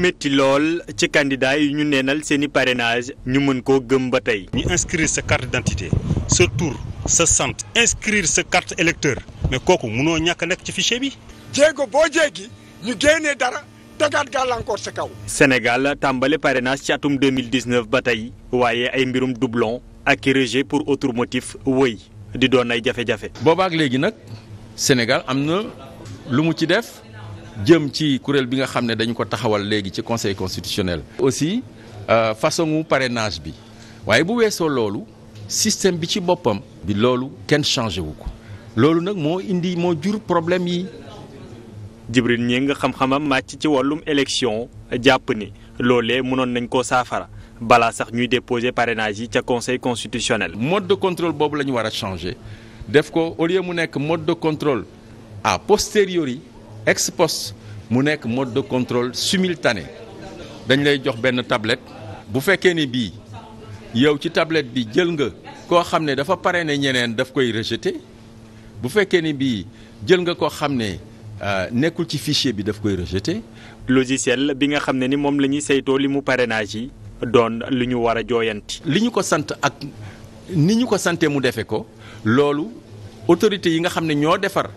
métti lool ci candidat yi ñu neenal seeni i ñu mën koo gëm ba tey. ñu inscrire sa carte d'identité sa tur sa sant inscrire sa carte électeur mais kooku munoo ñàkk nekk ci fichier bi. jéego boo jéegi ñu génnee dara. tegaat gàllankoor sa kaw. Sénégal tàmbale parrainage ci atum 2019 ba tey waaye ay mbirum doublon ak rejet pour autre motif wëy di doon ay jafe-jafe. ak léegi nag Sénégal am na lu mu ci def jëm ci kuréel bi nga xam ne dañu ko taxawal léegi ci conseil constitutionnel. aussi euh, façon parrainage bi waaye bu weesoo loolu système bi ci boppam. bi loolu kenn changé wu ko. loolu nag moo indi moo jur problème yi. Djibril ñi nga xam-xamam màcc ci wàllum élection jàpp ni loolee mënoon nañ koo saafara balaa sax ñuy déposer parrainage yi ca conseil constitutionnel. mode de contrôle boobu la ñu war a changer def ko au lieu mu nekk mode de contrôle à posteriori ex mu nekk mode de contrôle simultané dañ lay jox benn tablette bu fekkee ni bii yow ci tablette bi jël nga koo xam ne dafa pare ne ñeneen daf koy rejeté bu fekkee ni bii jël nga koo xam ne euh, nekkul ci fichier bi daf koy rejeté. logiciel bi nga xam ne ni moom la ñuy saytoo li mu parrainage yi doon lu ñu war a jooyanti. li ñu ko sant ak ni ñu ko sante mu defee ko loolu autorité yi nga xam ne ñoo defar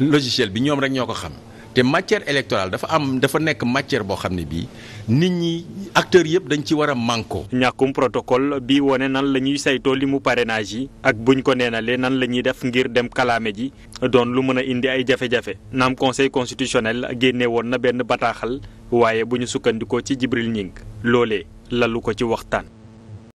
logiciel bi ñoom rek ñoo ko xam te matière électorale dafa am dafa nekk matière boo xam ne bii nit ñi acteurs yëpp dañ ci war a mànkoo. ñàkkum protocole bi wane nan la ñuy saytoo li mu parrainage yi ak buñ ko neenalee nan la ñuy def ngir dem kalaame ji doon lu mën a indi ay jafe-jafe naam conseil constitutionnel génne woon na benn bataaxal waaye bu ñu sukkandikoo ci Jibril Ñing loolee lalu ko ci waxtaan.